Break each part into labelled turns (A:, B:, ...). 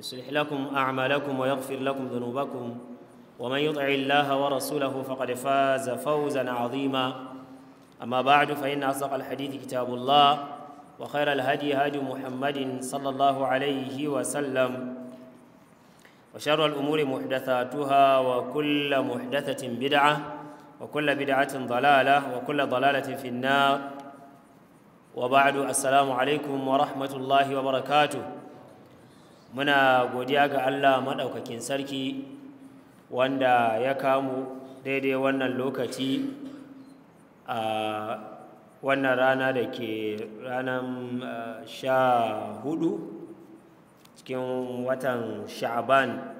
A: يصلح لكم اعمالكم ويغفر لكم ذنوبكم ومن يطع الله ورسوله فقد فاز فوزا عظيما اما بعد فان اصدق الحديث كتاب الله وخير الهدي هدي محمد صلى الله عليه وسلم وشر الامور محدثاتها وكل محدثه بدعه وكل بدعه ضلاله وكل ضلاله في النار وبعد السلام عليكم ورحمه الله وبركاته muna godiya ga Allah maɗaukakin sarki wanda ya kamu daidai wannan lokaci a wannan rana da ke ranar sha hudu cikin watan sha'aban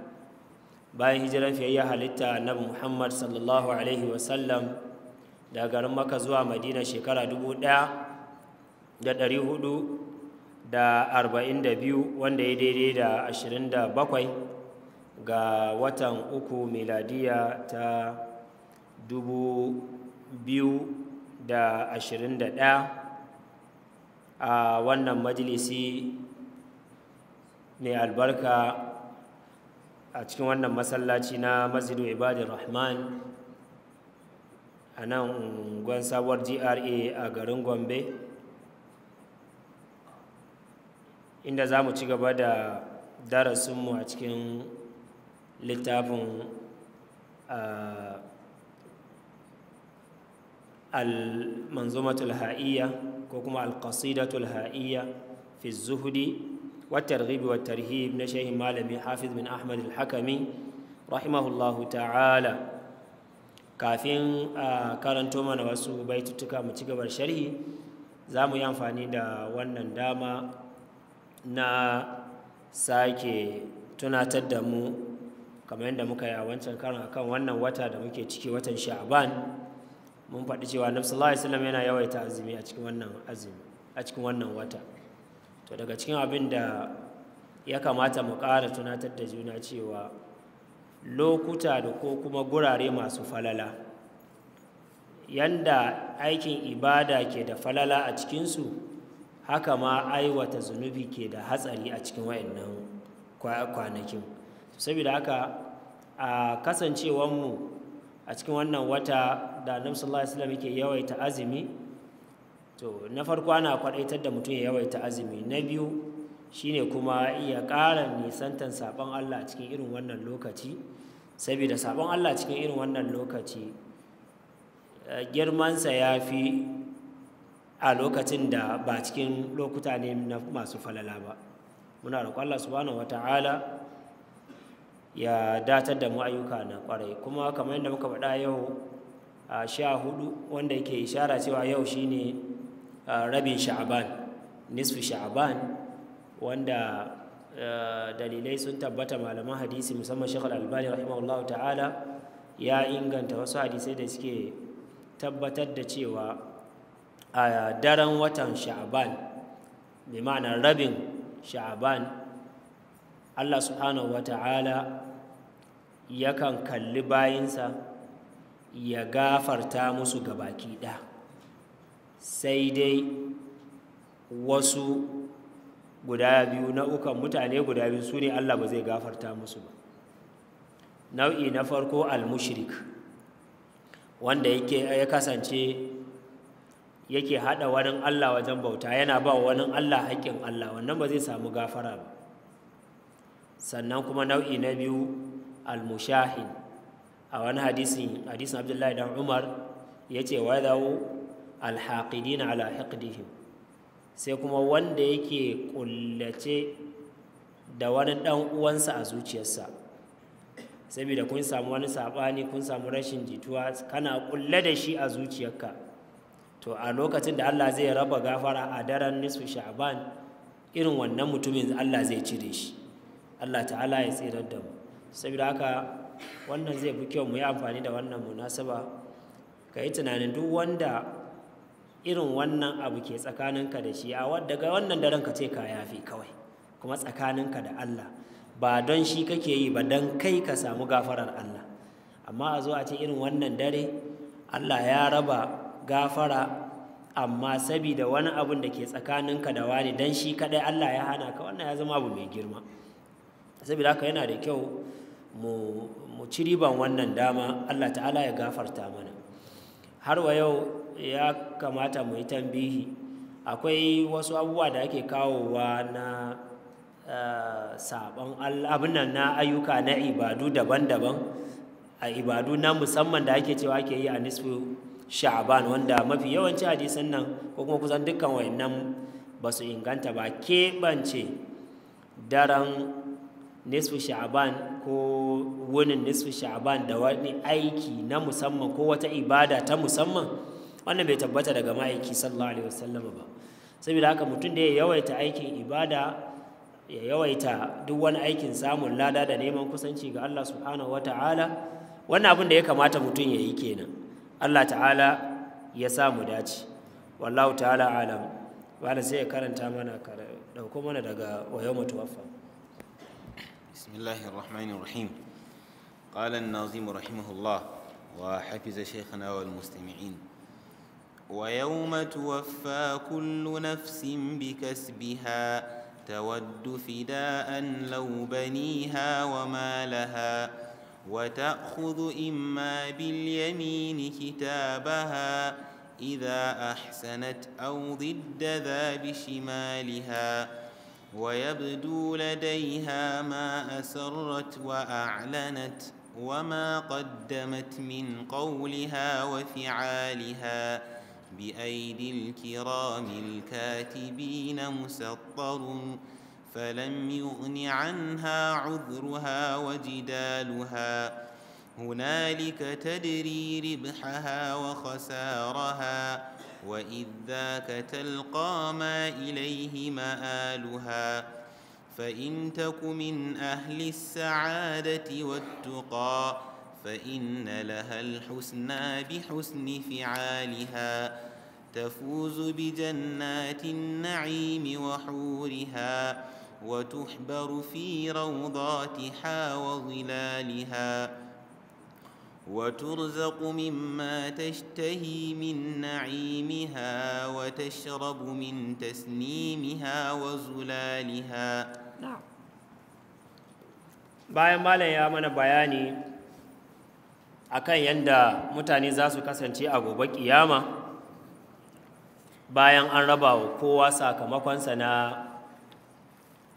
A: bayan hijiran fiye halitta na muhammad sallallahu alaihi wasallam daga garin maka zuwa madina shekara dubu ɗaya da ɗari hudu da arba'in da biyu wanda ya daidai da ashirin da bakwai ga watan uku miladiya ta dubu biyu da ashirin da daya, a wannan majalisi ne albarka a cikin wannan masallaci na mazidu ibadin rahman a nan unguwan sabuwar gra a garin gombe inda za mu ci gaba da darasinmu a cikin littafin al-manzumatul ha'iyya ko kuma al-qasidatul ha'iyya fi zuhudi wa targhib wa tarhib na shehin malami hafiz bin ahmad al-hakami rahimahullahu ta'ala kafin a karanto mana wasu baitutuka mu ci gabar sharhi za mu yi amfani da wannan dama na sake tunatar da mu kamar yadda muka yi a wancan karin akan wannan wata da muke ciki watan sha'aban mun faɗi cewa nabi sallallahu yana yawaita azumi a cikin wannan azumi a cikin wannan wata to daga cikin abin da ya kamata mu ƙara tunatar da juna cewa lokuta da ko kuma gurare masu falala yanda aikin ibada ke da falala a cikinsu haka ma aiwata zunubi ke da hatsari a cikin wayannan kwanakin saboda haka a kasancewanmu a cikin wannan wata da annabi sallallahu alaihi wasallam yake yawaita azumi to na farko ana kwadaitar da mutum ya yawaita azumi na biyu shine kuma iya ƙara nisantan sabon Allah cikin irin wannan lokaci saboda sabon Allah cikin irin wannan lokaci eh, girmansa ya fi a lokacin da ba cikin lokuta ne na masu falala ba muna roƙon Allah subhanahu wata'ala ya datar da mu ayyuka na ƙwarai kuma kamar yadda muka faɗa yau a sha hudu wanda yake ishara cewa yau shine rabin sha'aban Nisfi sha'aban wanda dalilai sun tabbata malaman hadisi musamman shekul albani rahimahullahu ta'ala ya inganta wasu hadisai da suke tabbatar da cewa a daren watan sha'aban mai ma'ana rabin sha'aban allah subhanahu Ta'ala yakan kalli bayinsa ya gafarta musu ga baki ɗa sai dai wasu guda biyu na'ukan mutane guda biyu su ne allah ba zai gafarta musu ba nau'i na farko al-mushrik wanda ya kasance yake haɗa wani Allah wajen bauta yana ba wani Allah haƙƙin Allah wannan ba zai samu gafara ba sannan kuma nau'i na biyu al-mushahin a wani hadisin hadisin abdullahi dan umar ya ce wa dawo alhaƙidina ala sai kuma wanda yake ƙullace da wani ɗan uwansa a zuciyarsa saboda kun samu wani saɓani kun samu rashin jituwa kana ƙulle da shi a zuciyarka to a lokacin da Allah zai raba gafara a daren nisfu sha'ban irin wannan mutumin Allah zai cire shi Allah ta'ala ya tsirar da mu saboda haka wannan zai fi kyau mu yi amfani da wannan munasaba ka yi tunanin duk wanda irin wannan abu ke tsakaninka da shi a daga wannan daren ka ce ka yafi kawai kuma tsakaninka da Allah ba don shi kake yi ba don kai ka samu gafarar Allah amma a zo a ce irin wannan dare Allah ya raba gafara amma sabida wani abun da ke tsakanin ka da wani dan shi kadai Allah ya hana ka wannan ya zama abu mai girma saboda haka yana da kyau mu mu ci riban wannan dama Allah ta'ala ya gafarta mana har wa yau ya kamata mu yi tambihi akwai wasu abubuwa da ake kawowa na eh, sabon abin nan na ayyuka na ibadu daban-daban a ibadu na musamman da ake cewa ake yi a nisfi sha'ban wanda mafi yawanci hadisan nan ko kuma kusan dukkan wayannan ba su inganta ba keɓance daren nisfu sha'ban ko wunin nisfu sha'ban da wani aiki na musamman ko wata ibada ta musamman wannan bai tabbata daga ma'aiki sallallahu alaihi wasallam ba saboda haka mutum da ya yawaita aikin ibada ya yawaita duk wani aikin samun lada da neman kusanci ga Allah subhanahu wataala wannan abin da ya kamata mutum ya yi kenan Allah ta'ala ya samu dace wallahu ta'ala alam wala sai ya karanta mana dauko mana daga wayo mutuwaffa
B: bismillahir qala an-nazim rahimahullah wa hafiza shaykhana wal mustami'in ويوم توفى كل نفس بكسبها تود فداء لو بنيها وما لها وتأخذ إما باليمين كتابها إذا أحسنت أو ضد ذا بشمالها ويبدو لديها ما أسرت وأعلنت وما قدمت من قولها وفعالها بأيدي الكرام الكاتبين مسطر فلم يغن عنها عذرها وجدالها هنالك تدري ربحها وخسارها وإذ ذاك تلقى ما إليه مآلها فإن تك من أهل السعادة والتقى فإن لها الحسنى بحسن فعالها تفوز بجنات النعيم وحورها وتحبر في روضاتها وظلالها وترزق مما تشتهي من نعيمها وتشرب من تسنيمها وزلالها bayan malam ya mana bayani
A: akan yadda mutane za su kasance a gobe kiyama bayan an raba wa kowa sakamakonsa na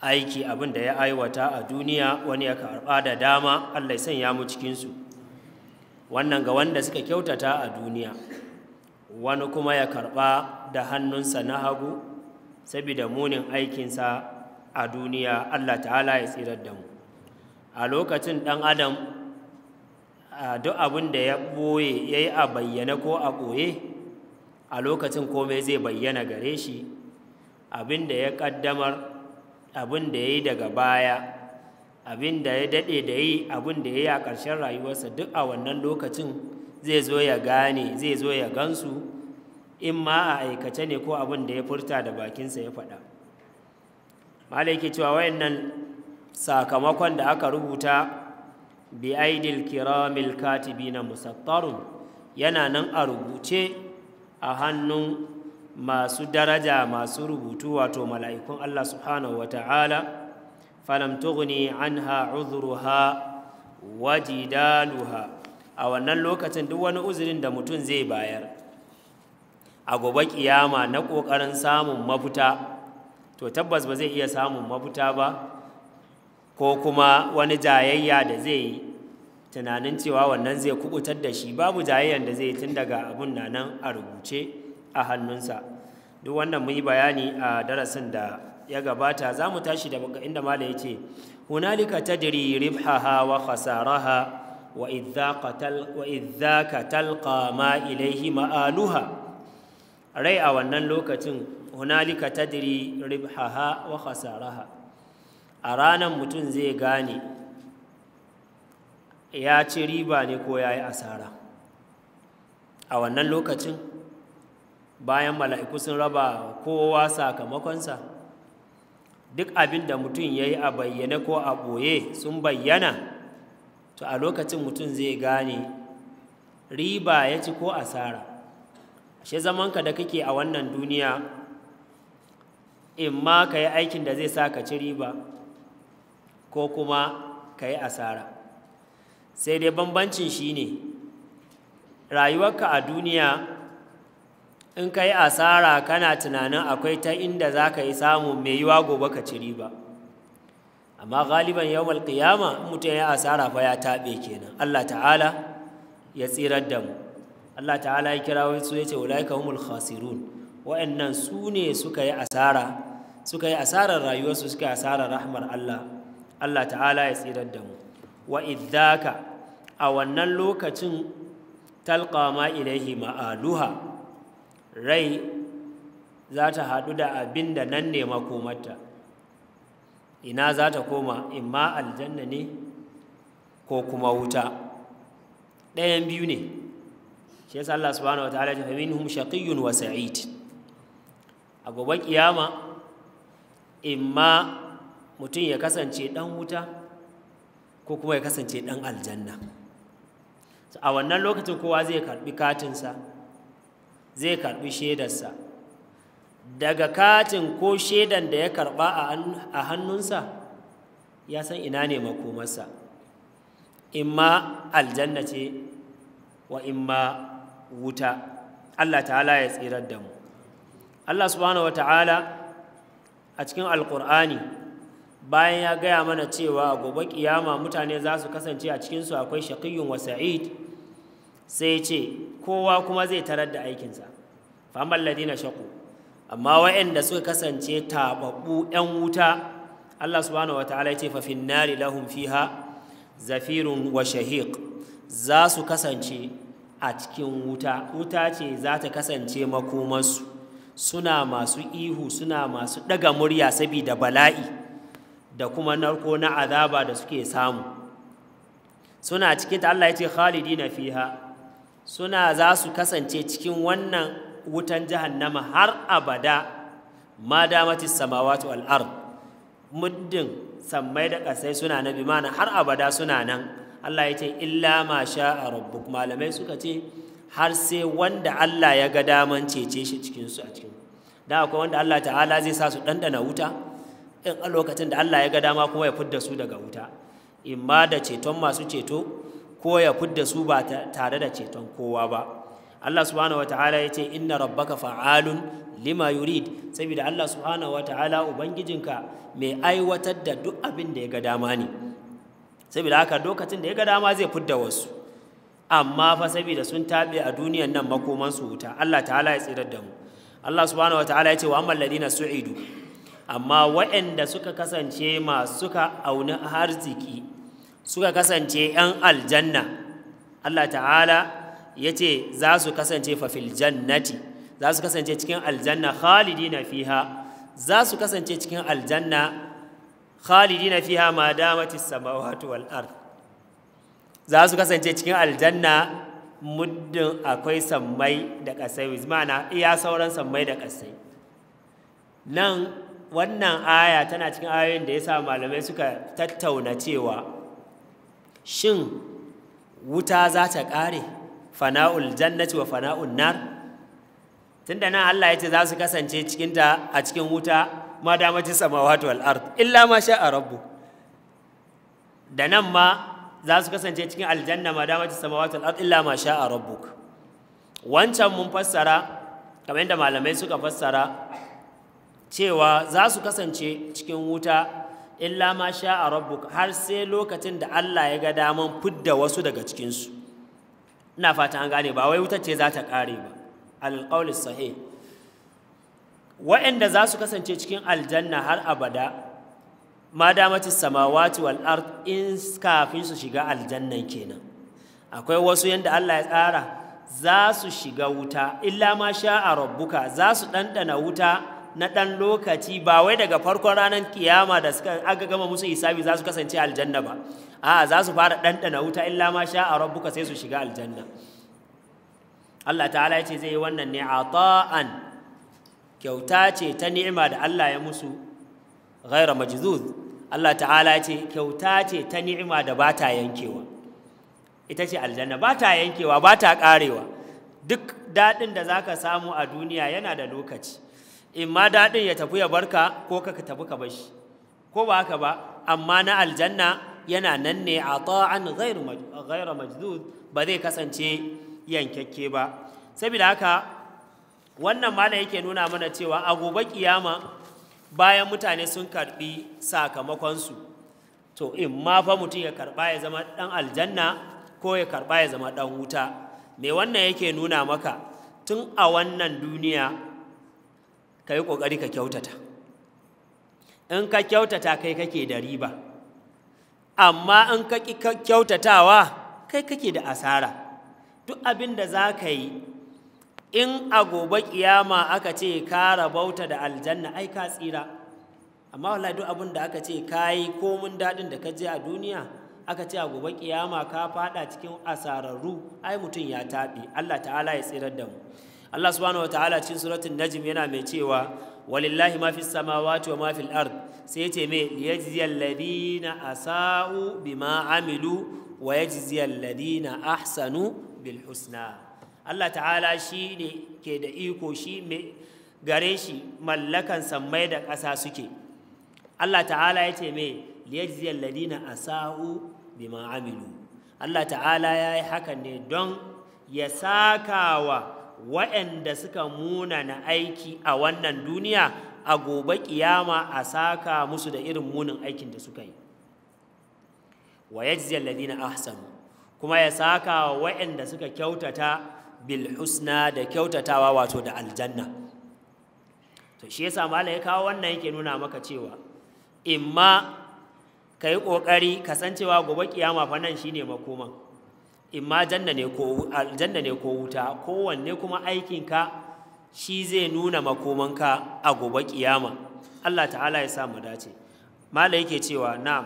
A: aiki abin da ya aiwata a duniya wani ya karɓa da dama Allah ya sanya mu cikinsu wannan ga wanda suka kyautata a duniya wani kuma ya karɓa da hannunsa na hagu saboda munin aikinsa a duniya Allah ta'ala ya tsirar da mu a lokacin ɗan adam duk abin da ya ɓoye ya yi a bayyana ko a ɓoye a lokacin komai zai bayyana gare shi abin da ya ƙaddamar abin da ya yi daga baya abin da ya daɗe da yi abin da ya yi a ƙarshen rayuwarsa duk a wannan lokacin zai zo ya gane zai zo ya gansu in ma a aikace ne ko abin da ya furta da bakinsa ya faɗa malai cewa wayannan sakamakon da aka rubuta bi aidil kiramil katibi na musattarun yana nan a rubuce a hannun masu daraja masu rubutu wato mala'ikun Allah subhanahu wa ta'ala falam tughni anha udhruha wa a wannan lokacin duk wani uzurin da mutum zai bayar a gobe kiyama na ƙoƙarin samun mafuta to tabbas ba zai iya samun mafuta ba ko kuma wani jayayya da zai yi tunanin cewa wannan zai kubutar da shi babu jayayyan da zai yi tun daga abun nan a rubuce a hannunsa duk wannan mun yi bayani a darasin da ya gabata za mu tashi da inda mala ya ce hunalika tadri ribhaha wa khasaraha wa ka talqa ma ilaihi ma'aluha rai a wannan lokacin hunalika tadri ribhaha wa khasaraha a ranan mutum zai gane ya ci riba ne ko ya yi asara a wannan lokacin bayan mala'iku sun raba kowa sakamakonsa duk abin da mutum ya yi a bayyane ko a ɓoye sun bayyana to a lokacin mutum zai gane riba ya ci ko asara shi zamanka da kake a wannan duniya in ma ka yi aikin da zai sa ka ci riba ko kuma ka yi asara sai dai bambancin shi ne rayuwarka a duniya in ka yi asara kana tunanin akwai ta inda za ka yi samu mai yiwa gobe ka ciri ba. amma galiban yau alkiyama mutum ya asara fa ya taɓe kenan allah ta'ala ya tsirar da mu allah ta'ala ya kira su ya ce wulaika humul khasirun wa'annan su ne suka yi asara suka yi asarar rayuwarsu suka yi asarar rahmar allah allah ta'ala ya tsirar da mu wa idaka, a wannan lokacin talqama ilaihi ma'aluha rai za ta haɗu da abin da nan ne makomarta ina za ta koma imma aljanna ne ko kuma wuta ɗayan biyu ne shi yasa Allah subhanahu wataala ya fahimi hum shaqiyyun wa sa'id a gobe kiyama imma mutum ya kasance ɗan wuta ko kuma ya kasance ɗan aljanna a wannan lokacin kowa zai karɓi katinsa zai karɓi shaidarsa daga katin ko shaidan da ya karɓa a hannunsa ya san ina ne makomarsa ma aljanna ce wa in ma wuta Allah ta'ala ya tsirar da mu Allah subhanahu ta'ala a cikin alkur'ani bayan ya gaya mana cewa gobe kiyama mutane za su kasance a cikinsu akwai shaqiyyun wasa'id. sai ce kowa kuma zai tarar da aikinsa famar ladina shaku amma wa'anda suka kasance tababbu 'yan wuta Allah subhanahu wa ta'ala ya ce fa finnari lahum fiha zafirun wa shahiq za su kasance a cikin wuta wuta ce za ta kasance makomarsu suna masu ihu suna masu ɗaga murya saboda bala'i da kuma narko na azaba da suke samu suna cikin ta Allah ya ce khalidina fiha suna za su kasance cikin wannan wutan jahannama har abada ma damati samawati wal al'ar muddin sammai da ƙasai suna na bimana har abada suna nan Allah ya ce illa ma sha a rabbuk malamai suka ce har sai wanda Allah ya ga daman cece shi cikin su a cikin da akwai wanda Allah ta'ala zai sa su ɗanɗana wuta in a lokacin da Allah ya ga dama kuma ya fidda su daga wuta in ma da ceton masu ceto ko ya fidda su ba tare da ceton kowa ba Allah subhanahu wataala ya ce inna rabbaka fa'alun lima yurid saboda Allah subhanahu wataala ubangijinka mai aiwatar da duk abin da ya ga dama ne saboda haka lokacin da ya ga dama zai fidda wasu amma fa saboda sun tabe a duniyan nan makoman su wuta Allah ta'ala ya tsirar da mu Allah subhanahu wataala ya ce wa amman ladina su'idu amma waɗanda suka kasance masu ka auna arziki suka kasance 'yan aljanna Allah ta'ala ya ce za su kasance fafil jannati za su kasance cikin aljanna na fiha za su kasance cikin aljanna na fiha ma damati samawati wal ard za su kasance cikin aljanna muddin akwai sammai da ƙasai ma'ana iya sauran sammai da ƙasai nan wannan aya tana cikin ayoyin da ya sa malamai suka tattauna cewa shin wuta za ta ƙare fana'ul jannati wa fana'un nar tunda nan Allah ya ce za su kasance cikinta a cikin wuta ma damacin samawati wal ard illa ma sha a rabbu da nan ma za su kasance cikin aljanna ma damacin samawati wal ard illa ma sha a rabbuk wancan mun fassara kamar yadda malamai suka fassara cewa za su kasance cikin wuta illa ma sha a rabbuka har sai lokacin da Allah ya ga daman fidda wasu daga cikinsu ina fata an gane ba wai wuta ce za ta ƙare ba alƙaulis sahih waɗanda za su kasance cikin aljanna har abada ma damati samawati wal ard in kafin su shiga aljanna kenan akwai wasu yanda Allah ya tsara za su shiga wuta illa ma sha a rabbuka za su ɗanɗana wuta na ɗan lokaci ba wai daga farkon ranar kiyama da suka aka gama musu hisabi za su kasance aljanna ba a'a za su fara ɗanɗana wuta illa ma sha a rabbuka sai su shiga aljanna Allah ta'ala ya ce zai yi wannan ne At-ta'an kyauta ce ta ni'ima da Allah ya musu ghaira majzuz Allah ta'ala ce kyauta ce ta ni'ima da ba ta yankewa ita ce aljanna ba ta yankewa ba ta karewa duk daɗin da za ka samu a duniya yana da lokaci in ma daɗin ya tafi ya barka ko ka tafi ka bashi ko ba haka ba amma na aljanna yana nan ne a ta'an ghaira majdud ba zai kasance yankakke ba saboda haka wannan ma'na yake nuna mana cewa a gobe kiyama bayan mutane sun karbi sakamakonsu to in ma fa mutum ya karba ya zama ɗan aljanna ko ya karba ya zama ɗan wuta me wannan yake nuna maka tun a wannan duniya ka yi ƙoƙari ka kyautata in ka kyautata kai kake da riba amma in ka kyautatawa kai kake da asara duk abin da za ka yi in a gobe kiyama aka ce ka rabauta da aljanna ai ka tsira amma wala duk abin da aka ce ka yi komin daɗin da ka je a duniya aka ce a gobe kiyama ka faɗa cikin asararru ai mutum ya taɓe Allah ta'ala ya tsirar da mu Allah subhanahu wataala cikin suratul najm yana mai cewa walillahi ma fis samawati wa ma fil ard sai yace me liyajziyal ladina asau bima amilu wa yajziyal ladina ahsanu bil husna Allah ta'ala shi ne ke da iko shi me gare shi mallakan sammai da ƙasa suke Allah ta'ala yace me liyajziyal ladina asau bima amilu Allah ta'ala yayi hakan ne don ya sakawa waɗanda suka munana aiki a wannan duniya a gobe kiyama a saka musu da irin munin aikin da suka yi wa yajzi alladhina ahsanu kuma ya saka waɗanda suka kyautata Bilhusna da kyautatawa wato da aljanna to shi yasa malai ya kawo wannan yake nuna maka cewa imma yi kokari kasancewa gobe kiyama fa nan shine makoman imma janna ne ko wuta kowanne kuma aikinka shi zai nuna makomanka a gobe kiyama Allah ta'ala ya sa mu dace mala yake cewa na'am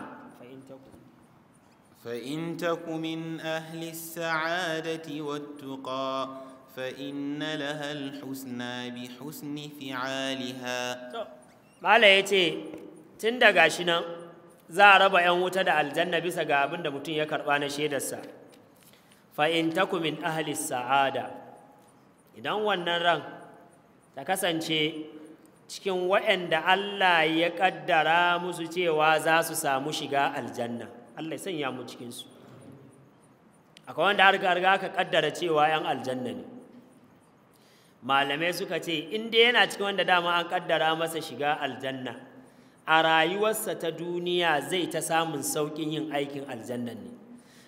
B: فإن تك من أهل السعادة والتقى فإن لها الحسنى بحسن فعالها mala
A: ya ce tun daga shi nan za a raba 'yan wuta da aljanna bisa ga abin da mutum ya karɓa na shaidarsa fa'in takumin ahalis sa'ada idan wannan ran ta kasance cikin waɗanda Allah ya ƙaddara musu cewa za su samu shiga aljanna Allah ya sanya mu cikinsu akwai wanda harga harga aka ƙaddara cewa ‘yan aljanna ne malamai suka ce inda yana cikin wanda dama an ƙaddara masa shiga aljanna a rayuwarsa ta duniya zai ta samun sauƙin yin aikin aljannan ne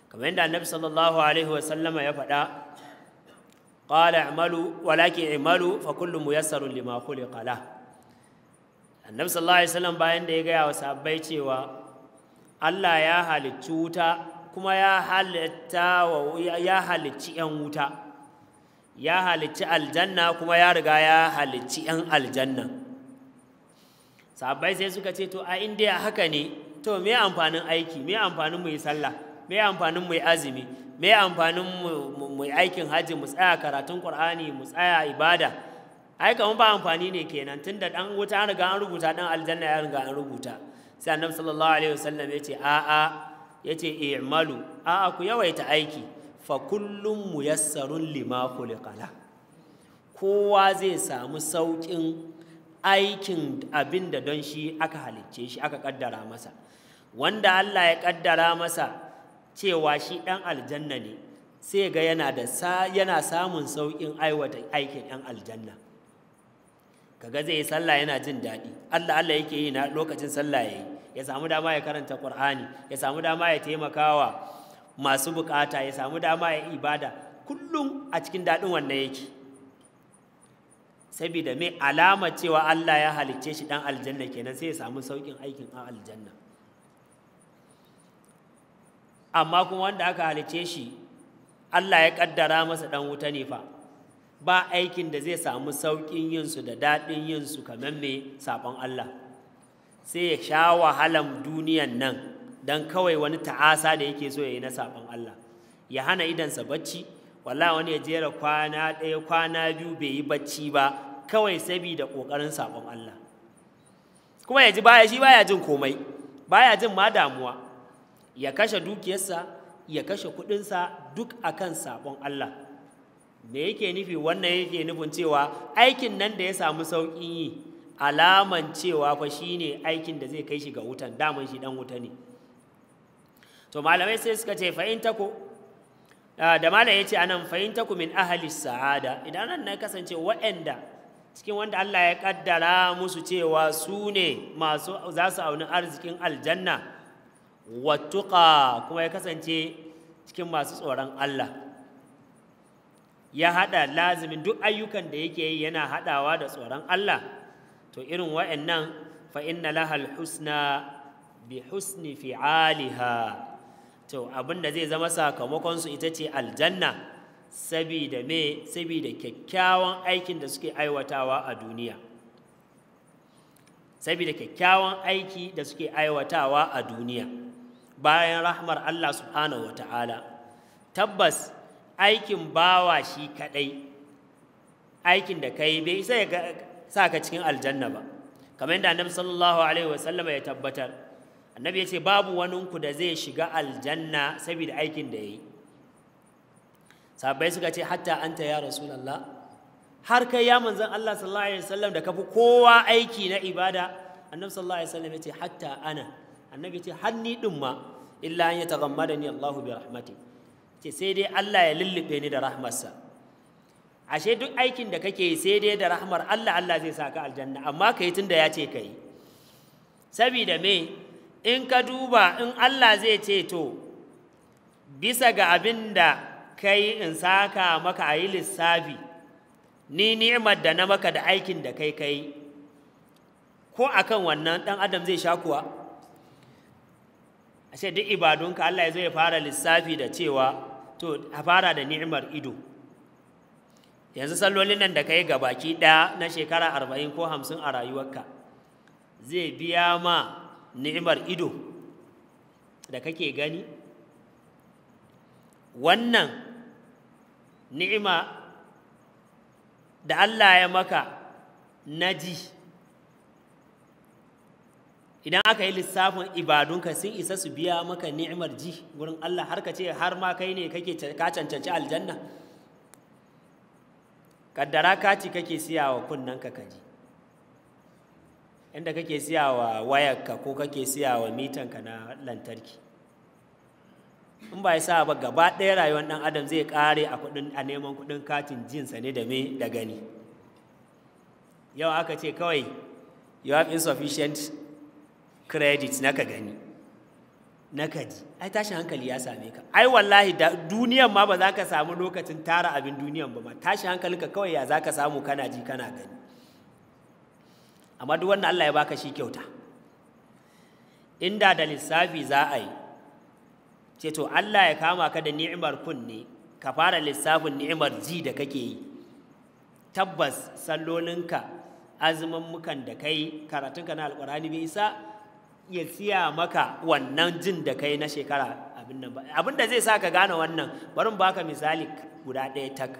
A: kamar yadda annabi sallallahu alaihi wa sallama ya faɗa qala a'malu walakin a'malu fa kullu muyassarun lima khuliqa la annabi sallallahu alaihi wa sallam bayan da ya gaya wa sahabbai cewa Allah ya halicci wuta kuma ya halitta wa ya halicci yan wuta ya halicci aljanna kuma ya riga ya halicci yan aljanna sahabbai sai suka ce to a inda haka ne to me amfanin aiki me amfanin mu yi sallah me amfanin mu azumi me amfanin mu aikin hajji mu tsaya karatun qur'ani mu tsaya ibada ai kamar ba amfani ne kenan tunda dan wuta an riga an rubuta dan aljanna ya riga an rubuta sai annabi sallallahu alaihi wasallam yace a a yace i'malu a a ku yawaita aiki fa kullum muyassarun lima khuliqala kowa zai samu saukin aikin abinda don shi aka halicce shi aka kaddara masa wanda Allah ya kaddara masa cewa shi ɗan aljanna ne sai ga yana da yana samun sauƙin aiwata aikin ɗan aljanna kaga zai yi sallah yana jin daɗi Allah Allah yake yi na lokacin sallah ya yi. ya samu dama ya karanta ƙur'ani, ya samu dama ya taimakawa masu bukata ya samu dama ya ibada kullum a cikin daɗin wannan yake saboda mai alama cewa Allah ya halicce shi ɗan aljanna kenan sai ya samu sauƙin aikin ɗan aljanna amma kuma wanda aka halice shi Allah ya kaddara masa dan wuta ne fa ba aikin da zai samu saukin yin su da dadin yin su kamar me sabon Allah sai ya sha wahalan duniyan nan dan kawai wani ta'asa da yake so ya yi na sabon Allah ya hana idansa bacci wallahi wani ya jera kwana ɗaya kwana biyu bai yi bacci ba kawai sabida kokarin sabon Allah kuma ya ji baya shi baya jin komai baya jin ma damuwa ya kashe dukiyarsa ya kashe kuɗinsa duk akan sabon Allah me yake nufi wannan yake nufin cewa aikin nan da ya samu sauƙin yi alaman cewa fa shi ne aikin da zai kai shi ga wutan daman shi dan wuta ne to malamai sai suka ce fa tako ah, da malam anan fa in min ahalis sa'ada idan nan na kasance waɗanda cikin wanda Allah ya kaddara musu cewa su ne masu za su auni arzikin aljanna wattuka kuma ya kasance cikin masu tsoron Allah ya haɗa lazimin duk ayyukan da yake yi yana haɗawa da tsoron Allah to irin wa'annan fa inna lahal husna bi husni fi'aliha to abinda zai zama sakamakon su ita ce aljanna sabida me sabida kyakkyawan aikin da suke aiwatawa a duniya sabida kyakkyawan aiki da suke aiwatawa a duniya bayan rahmar Allah subhanahu ta'ala. tabbas aikin bawa shi kaɗai. aikin da ka yi bai isa ya sa ka cikin aljanna ba kamar yadda annabi sallallahu alaihi wasallam ya tabbatar annabi ya ce babu waninku da zai shiga aljanna saboda aikin da ya yi. sahabbai suka ce hatta anta ya rasulullah har kai ya manzon Allah sallallahu alaihi wasallam da kafi kowa aiki na ibada annabi sallallahu alaihi wasallam ya ce hatta ana annabi ce har ɗin ma illa an ni Allahu bi rahmati ce sai dai Allah ya lullube ni da rahmarsa ashe duk aikin da kake yi sai dai da rahmar Allah Allah zai sa ka aljanna amma tun tunda ya ce ka yi. sabida me in ka duba in Allah zai ce to bisa ga abin da kai in saka maka a yi lissafi ni ni'imar da na maka da aikin da kai kai ko akan wannan ɗan adam zai sha kuwa ashe duk ibadunka Allah ya zo ya fara lissafi da cewa to a fara da ni'imar ido yanzu sallolin nan da kai baki ɗaya na shekara arba'in ko hamsin a rayuwarka zai biya ma ni'imar ido da kake gani wannan ni'ima da Allah ya maka na ji idan aka yi lissafin ibadunka sun isa su biya maka ni'imar ji wurin Allah har ka ce har ma kai ne kake ka cancanci aljanna kaddara kaci kake wa kunnanka ka ji inda kake siya wa wayarka ko kake siya wa mitanka na lantarki in ba ya sa ba gaba ɗaya rayuwar ɗan adam zai ƙare a kuɗin a neman kuɗin katin jinsa ne da me da gani yau aka ce kawai you have insufficient credit na ka gani na ka ji ai tashin hankali ya same ka ai wallahi da duniyan ma ba za ka samu lokacin tara abin duniyan ba ma tashin hankalinka kawai ya za ka samu kana ji kana gani amma duk wannan Allah ya baka shi kyauta inda da lissafi za a yi ce to Allah ya kama ka da ni'imar kunne ka fara lissafin ni'imar ji da kake yi tabbas sallolinka azumin mukan da kai karatunka na alkurani bai isa ya siya maka wannan jin da kai na shekara abin nan ba abin da zai sa ka gane wannan barin baka misali guda ɗaya tak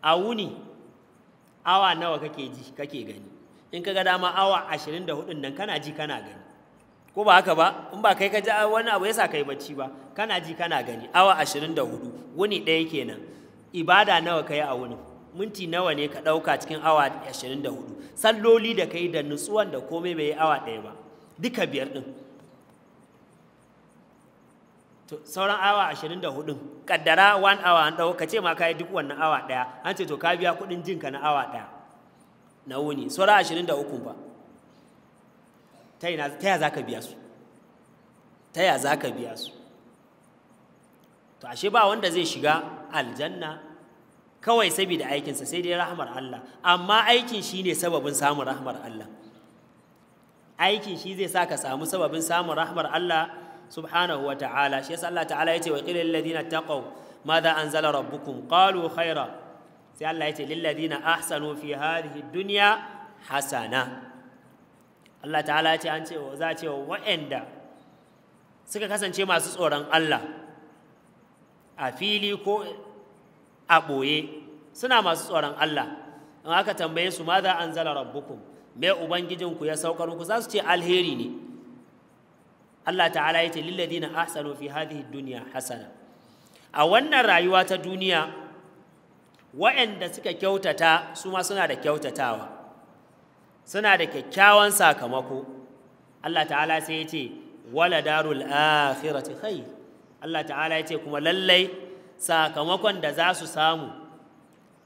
A: a wuni awa nawa kake ji kake gani in ka ga dama awa ashirin da hudun nan kana ji kana gani ko ba haka ba in ba kai ka ji wani abu yasa kai bacci ba kana ji kana gani awa ashirin da hudu wuni ɗaya kenan ibada nawa kai a wunin minti nawa ne ka ɗauka cikin awa 24 salloli da ka yi da nutsuwan da komai bai yi awa ɗaya ba duka biyar ɗin sauran awa 24 ɗin ƙaddara 1 hour an ɗau ka ce ma ka yi duk wannan awa ɗaya an ce to ka biya kuɗin jinka na awa ɗaya na wuni sauran 23 ba ta ya za ka biya su ta ya za ka biya su to ashe ba wanda zai shiga aljanna kawai saboda aikinsa sai dai rahmar Allah amma aikin shi ne sababin samun rahmar Allah aikin shi zai sa ka samu sababin samun rahmar Allah subhanahu wa ta'ala shi yasa Allah ta'ala yace wa qila lil ladina taqaw madha anzala rabbukum qalu khaira sai Allah yace lil ladina ahsanu fi hadhihi dunya hasana Allah ta'ala yace an ce za ce wa'anda suka kasance masu tsoron Allah a fili ko a ɓoye suna masu tsoron Allah in aka tambaye su ma za an zala rabbukum me ubangijinku ya saukar muku za su ce alheri ne Allah ta'ala ya ce lilladina ahsanu fi hadhihi dunya hasana a wannan rayuwa ta duniya waɗanda suka kyautata su ma suna da kyautatawa suna da kyakkyawan sakamako Allah ta'ala sai ya ce wala darul akhirati khair Allah ta'ala ya ce kuma lallai sakamakon da za su samu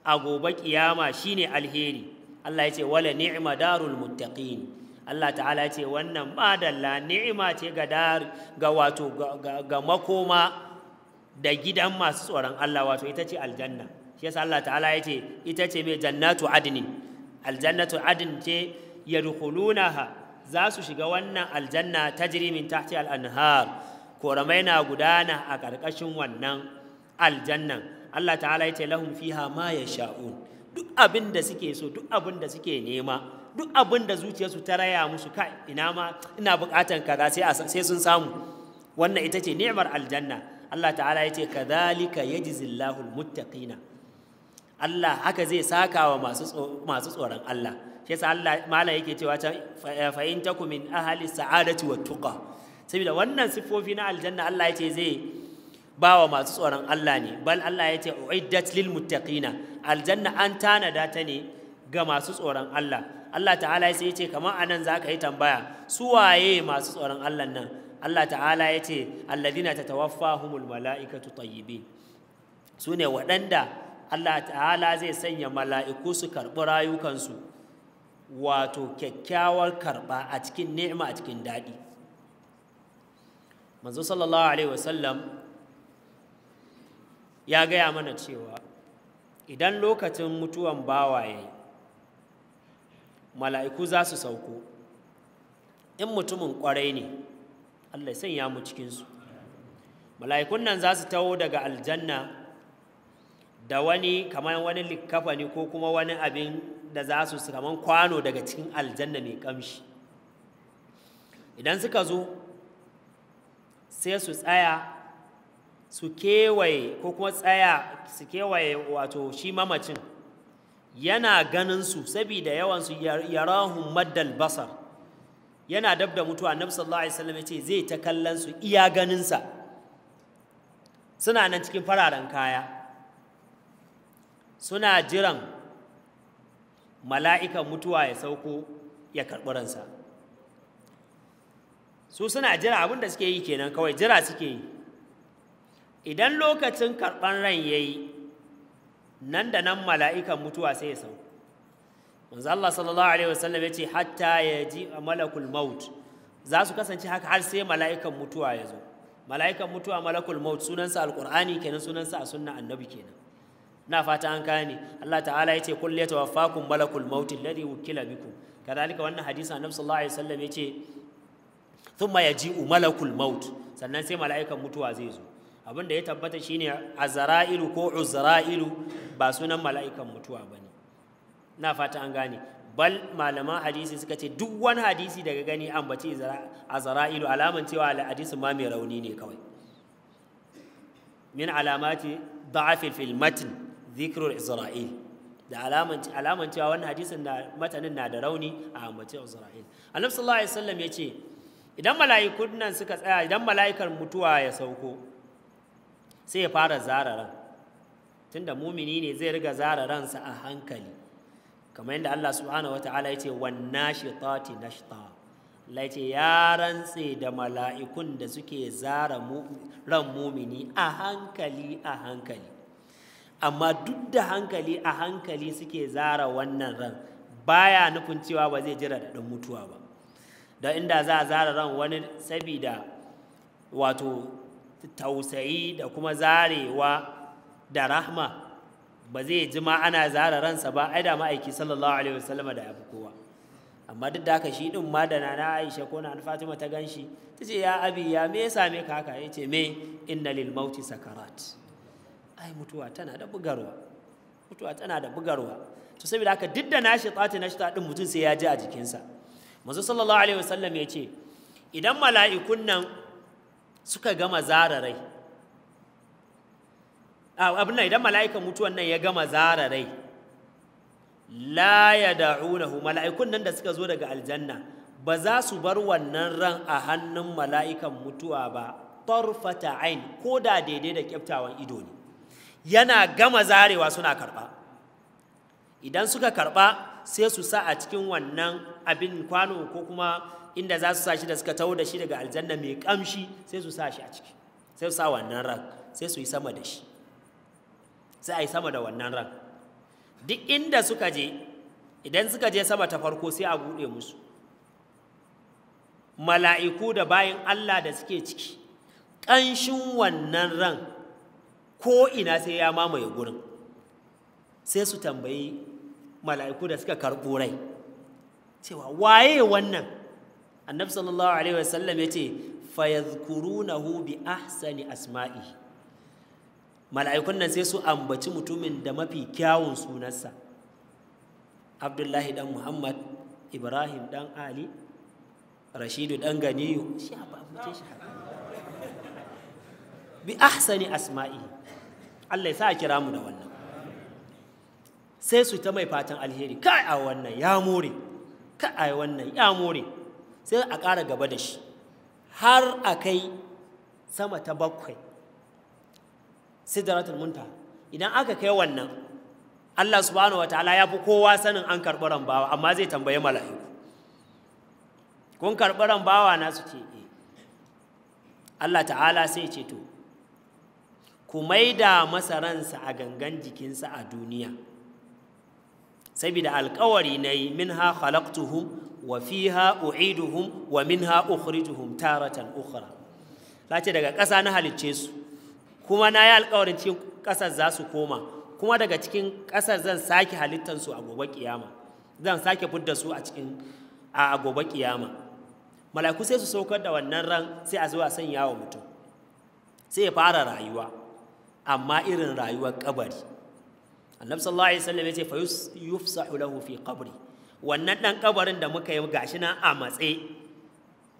A: a gobe kiyama shine alheri Allah ya ce wala ni'ma darul muttaqin Allah ta'ala ya ce wannan madalla ni'ima ce ga dar ga wato ga makoma da gidan masu tsoron Allah wato ita ce aljanna shi yasa Allah ta'ala ya ce ita ce mai jannatu adnin aljannatu adn ce yadkhulunaha za su shiga wannan aljanna ta jirimin tahti anhar koramai na gudana a ƙarƙashin wannan aljannan Allah ta'ala ya ce lahum fiha ma sha'un. duk abin da suke so duk abin da suke nema duk abin da zuciyarsu ta raya musu kai ina ma ina bukatan kaza sai sai sun samu wannan ita ce ni'mar aljanna Allah ta'ala ya ce kadhalika yajzillahu almuttaqina Allah haka zai saka wa masu masu tsoron Allah shi yasa Allah malam yake cewa ta fa in takum min ahli sa'adati wa tuqa saboda wannan sifofi na aljanna Allah ya ce zai bawa masu tsoron Allah ne bal Allah ya ce uiddat lil muttaqina aljanna an tanada ta ne ga masu tsoron Allah Allah ta'ala ya ce kamar anan zaka yi tambaya su waye masu tsoron Allah nan Allah ta'ala ya ce alladhina tatawaffahumul mala'ikatu tayyibin su ne waɗanda Allah ta'ala zai sanya mala'iku su karɓi rayukansu wato kyakkyawar karɓa a cikin ni'ima a cikin daɗi manzo sallallahu alaihi wasallam ya gaya mana cewa idan lokacin mutuwan bawa ya yi mala'iku za su sauko in mutumin kwarai ne allah sanya mu cikinsu mala'ikun nan za su taho daga aljanna da wani kamar wani likafa ne ko kuma wani abin da za su kamar kwano daga cikin aljanna mai kamshi idan suka zo sai su tsaya su kewaye ko kuma tsaya su kewaye wato shi mamacin yana ganin su saboda yawan su yarahum maddal basar yana dab da mutuwa annabi sallallahu alaihi wasallam yace zai ta kallon su iya ganin sa suna nan cikin fararen kaya suna jiran mala'ikan mutuwa ya sauko ya karɓi ransa su suna jira abin da suke yi kenan kawai jira suke yi idan lokacin karɓan ran ya yi nan da nan mala'ikan mutuwa sai ya sau manzo Allah sallallahu alaihi wasallam ya ce hatta ya ji malakul maut za su kasance haka har sai mala'ikan mutuwa ya zo mala'ikan mutuwa malakul maut sunansa alqur'ani kenan sunansa a sunna annabi kenan na fata an kani. Allah ta'ala ya ce ta wafakun malakul maut alladhi wukila bikum kadhalika wannan hadisi annabi sallallahu alaihi wasallam ya ce thumma yaji'u malakul maut sannan sai mala'ikan mutuwa zai zo abin da ya tabbata shine azra'ilu ko uzra'ilu ba sunan mala'ikan mutuwa ba ne. na fata an gane bal malaman hadisi suka ce duk wani hadisi daga gani an bace azra'ilu alaman cewa hadisin ma mai rauni ne kawai min alamati da'af fil matn dhikru izra'il da alaman alaman cewa wannan hadisin da matanin na da rauni a ambace izra'il annabi sallallahu alaihi wasallam yace idan mala'ikun nan suka tsaya idan mala'ikar mutuwa ya sauko sai ya fara zara ran tunda mumini ne zai riga zara ransa a hankali kamar yadda Allah subhanahu wataala ya ce wanna shitati nashta Allah ya ce ya rantse da mala'ikun da suke zara ran mumini a hankali a hankali amma duk da hankali a hankali suke zara wannan ran baya nufin cewa ba zai jira da mutuwa ba da inda za a zara ran wani sabida wato tausayi da kuma zarewa da rahma ba zai ji ma ana zara ransa ba ai da ma'aiki sallallahu alaihi wasallam da abu kowa amma duk da haka shi din ma da nana Aisha ko na Fatima ta ganshi ta ce ya abi ya me yasa me ka haka yace me inna lil mauti sakarat ai mutuwa tana da bugarwa mutuwa tana da bugarwa to saboda haka duk da nashi tsati nashi ta din mutum sai ya ji a jikinsa manzo sallallahu alaihi wasallam ya ce idan mala'ikun nan suka gama zararai abin nan idan mala'ikan mutuwan nan ya gama zararai rai la ya mala'ikun nan da suka zo daga aljanna ba za su bar wannan ran a hannun mala'ikan mutuwa ba tarfata ain ko da daidai da kyaftawan ido ne yana gama zarewa suna karɓa idan suka karɓa sai su sa a cikin wannan abin kwano ko kuma inda za su sa shi da suka taho da shi daga aljanna mai kamshi sai su sa shi a ciki sai su sa wannan ran sai su yi sama da shi sai a yi sama da wannan ran duk inda suka je idan suka je sama ta farko sai a buɗe musu mala'iku da bayan Allah da suke ciki ƙanshin wannan ran ko ina sai ya mamaye gurin sai su tambayi mala'iku da suka karɓo rai cewa waye wannan annabi sallallahu alaihi wasallam ce fayadhkurunahu bi ahsani asma'i mala'ikun nan sai su ambaci mutumin da mafi kyawun sunansa abdullahi dan muhammad ibrahim dan ali rashidu dan ganiyu shi ba ambace shi bi ahsani asma'i Allah ya sa kira mu da wannan sai su ta mai fatan alheri kai a wannan ya more kai a wannan ya more sai a ƙara gaba da shi har a kai sama ta bakwai sidratul munta idan aka kai wannan Allah subhanahu wataala ya fi kowa sanin an karɓi rambawa amma zai tambayi mala'iku kun karɓi rambawa na su ce eh. Allah ta'ala sai ce to ku maida masaransa a gangan jikinsa a duniya saboda alkawari na yi min ha khalaqtuhum wa fiha u'iduhum wa min ha ukhrijuhum taratan ukhra ce daga ƙasa na halicce su kuma na yi alkawarin cikin ƙasar za su koma kuma daga cikin ƙasar zan sake halittansu a gobe kiyama zan sake fidda su a cikin a gobe kiyama mala'iku sai su saukar da wannan ran sai a zuwa sanya wa mutum sai ya fara rayuwa amma irin rayuwar kabari annabi sallallahu alaihi wasallam yace fa yufsahu lahu fi qabri wannan dan kabarin da muka yi gashi nan a matse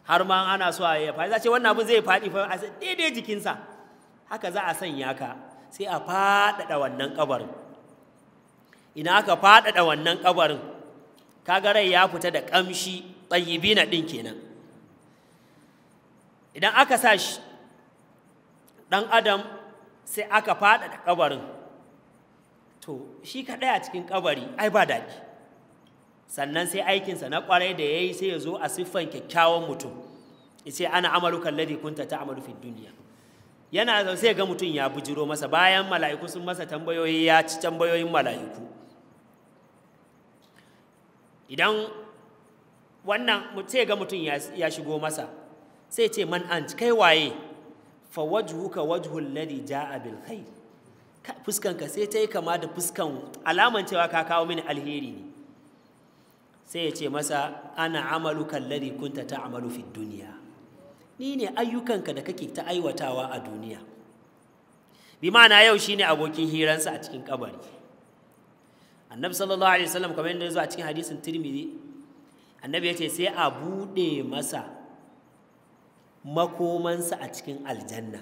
A: har ma ana so a ya fa ce wannan abin zai faɗi fa daidai jikinsa haka za a sanya ka sai a faɗaɗa wannan kabarin ina aka faɗaɗa wannan kabarin kaga rai ya fita da ƙamshi tsayibina ɗin kenan idan aka sa shi ɗan adam sai aka faɗaɗa kabarin to shi kaɗai a cikin ƙabari ai ba daɗi sannan sai aikinsa na ƙwarai da ya yi sai ya zo a siffan kyakkyawan mutum ce ana amalukan ladi kunta ta amalu fi duniya yana da sai ga mutum ya bujiro masa bayan mala'iku sun masa tambayoyi ya ci tambayoyin mala'iku idan wannan sai ga mutum ya shigo masa sai ce man an kai waye fa wajhuka wajhul ladhi jaa bil khair fuskanka sai ta yi kama da fuskan alaman cewa ka kawo mini alheri ne sai ya ce masa ana amalu kallari kunta ta amalu fi duniya ni ne ayyukanka da kake ta aiwatawa a duniya bi ma'ana yau shine abokin hiransa a cikin kabari annabi sallallahu alaihi wasallam kamar yadda ya zo a cikin hadisin tirmidhi annabi ya ce sai a buɗe masa makomansa a cikin aljanna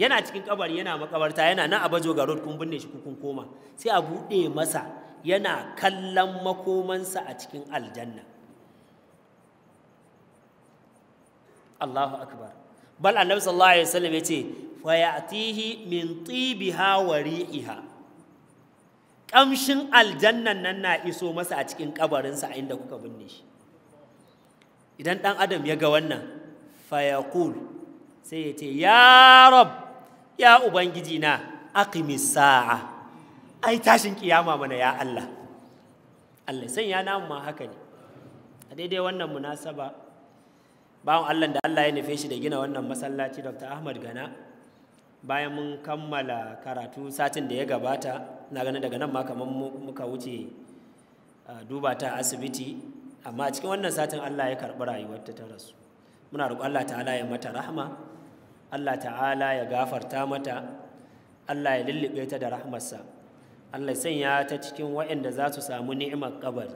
A: yana cikin kabari yana makabarta yana nan a bajo ga road kun binne shi kun koma sai a buɗe masa yana kallon makomansa a cikin aljanna Allahu akbar bal annabi sallallahu alaihi wasallam yace fa ya'tihi min tibiha wa ri'iha kamshin aljannan nan na iso masa a cikin kabarinsa a inda kuka binne shi idan dan adam ya ga wannan fa yaqul sai yace ya ya ubangiji na aqimis sa'a ai tashin kiyama mana ya Allah Allah sai ya namu ma haka ne a daidai wannan munasaba bawan Allah da Allah ya nufe shi da gina wannan masallaci Dr. Ahmad Gana bayan mun kammala karatu satin da ya gabata na gani daga nan ma kamar muka wuce duba ta asibiti amma a cikin wannan satin Allah ya karɓi rayuwarta ta rasu muna roƙon Allah ta'ala ya mata rahama Allah ta'ala ya gafarta mata Allah ya lullube ta da rahmarsa Allah ya sanya ta cikin waɗanda za su samu ni'imar kabari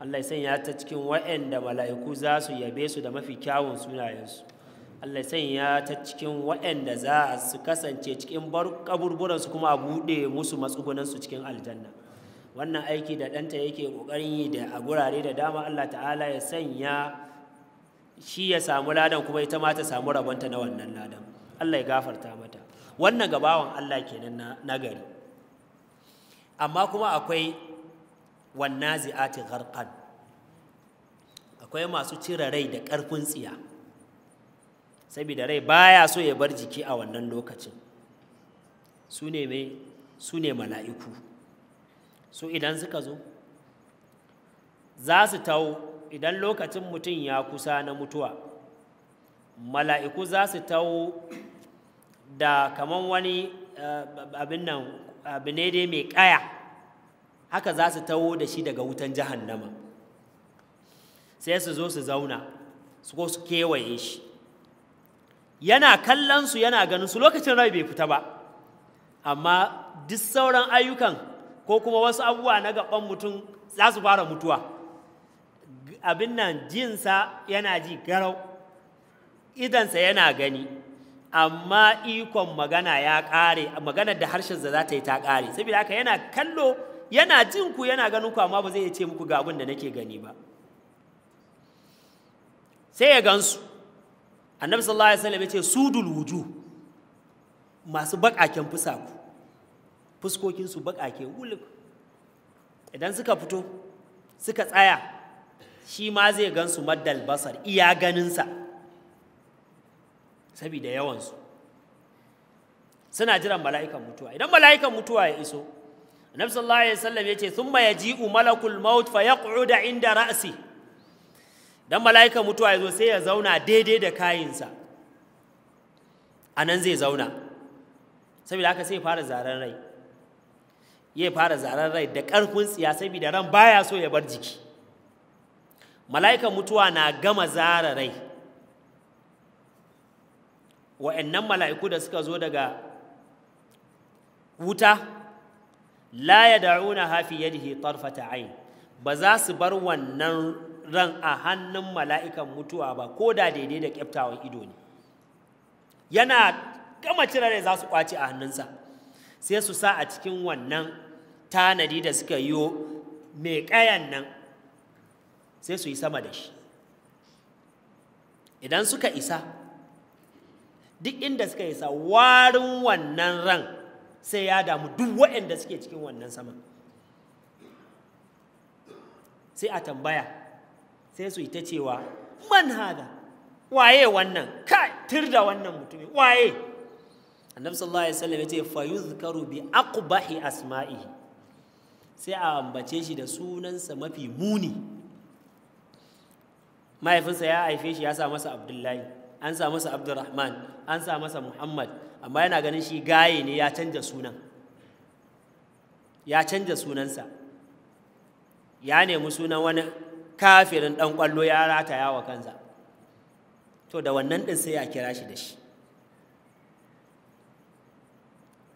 A: Allah ya sanya ta cikin waɗanda mala'iku za su yabe su da mafi kyawun sunayensu Allah ya sanya ta cikin waɗanda za su kasance cikin kaburburansu kuma a buɗe musu matsugunansu cikin aljanna wannan aiki da ɗanta yake ƙoƙarin yi da a gurare da dama Allah ta'ala ya sanya shi ya samu ladan kuma ita ma ta samu rabonta na wannan ladan Allah ya gafarta mata wannan gabawan Allah kenan na nagari amma kuma akwai wannazi'ati gharqan akwai masu cire rai da ƙarfin tsiya saboda rai baya so ya bar jiki a wannan lokacin su ne mai su ne mala'iku su idan suka zo za su tawo idan lokacin mutum ya kusa na mutuwa mala'iku za su tawo da kaman wani eh, abin nan dai mai ƙaya haka za su tawo da shi daga wutan jahannama sai su zo su zauna su ko su kewaye shi yana kallonsu, yana ganin su lokacin rai bai fita ba amma duk sauran ayyukan ko kuma wasu abubuwa na gaban mutum za su fara mutuwa abin nan jinsa yana ji garau idansa yana gani amma ikon magana ya ƙare maganar da harshen za ta yi ta ƙare saboda haka yana kallo yana jin ku yana ganin ku amma ba zai ce muku ga abin da nake gani ba sai ya gansu annabi sallallahu alaihi wasallam ya ce sudul wuju masu ku fusaku fuskokinsu bakake wuluk idan suka fito suka tsaya shi ma zai gan su maddal basar iya ganinsa saboda yawansu suna jiran mala'ikan mutuwa idan mala'ikan mutuwa ya iso annabi sallallahu alaihi wasallam yace thumma yaji'u malakul maut fa yaq'udu inda ra'si dan mala'ikan mutuwa yazo sai ya zauna daidai da sa anan zai zauna saboda haka sai ya fara zaran rai ya fara zaran rai da karfin tsiya saboda ran baya so ya bar jiki mala'ikan mutuwa na gama zara rai wa'annan mala'iku da suka zo daga wuta la ya da'una hafi yadihi tarfata ain ba za su bar wannan ran a hannun mala'ikan mutuwa ba ko da daidai da ƙyaftawan ido ne yana gama cire rai za su ƙwace a hannunsa sai su sa a cikin wannan tanadi da suka yi mai ƙayan nan sai su yi sama da shi idan suka isa duk inda suka isa warin wannan ran sai ya damu duk waɗanda suke cikin wannan sama sai a tambaya sai su yi ta cewa man haga waye wannan ka tir da wannan mutumin waye annabi sallallahu alaihi wasallam yace fa yuzkaru bi aqbahi asma'ihi sai a ambace shi da sunansa mafi muni mahaifinsa ya haife shi ya sa masa abdullahi an sa masa abdurrahman an sa masa muhammad amma yana ganin shi gaye ne ya canja sunan ya canja sunansa ya nemi sunan wani kafirin dan kwallo ya rataya wa kansa to da wannan din sai a kira shi da shi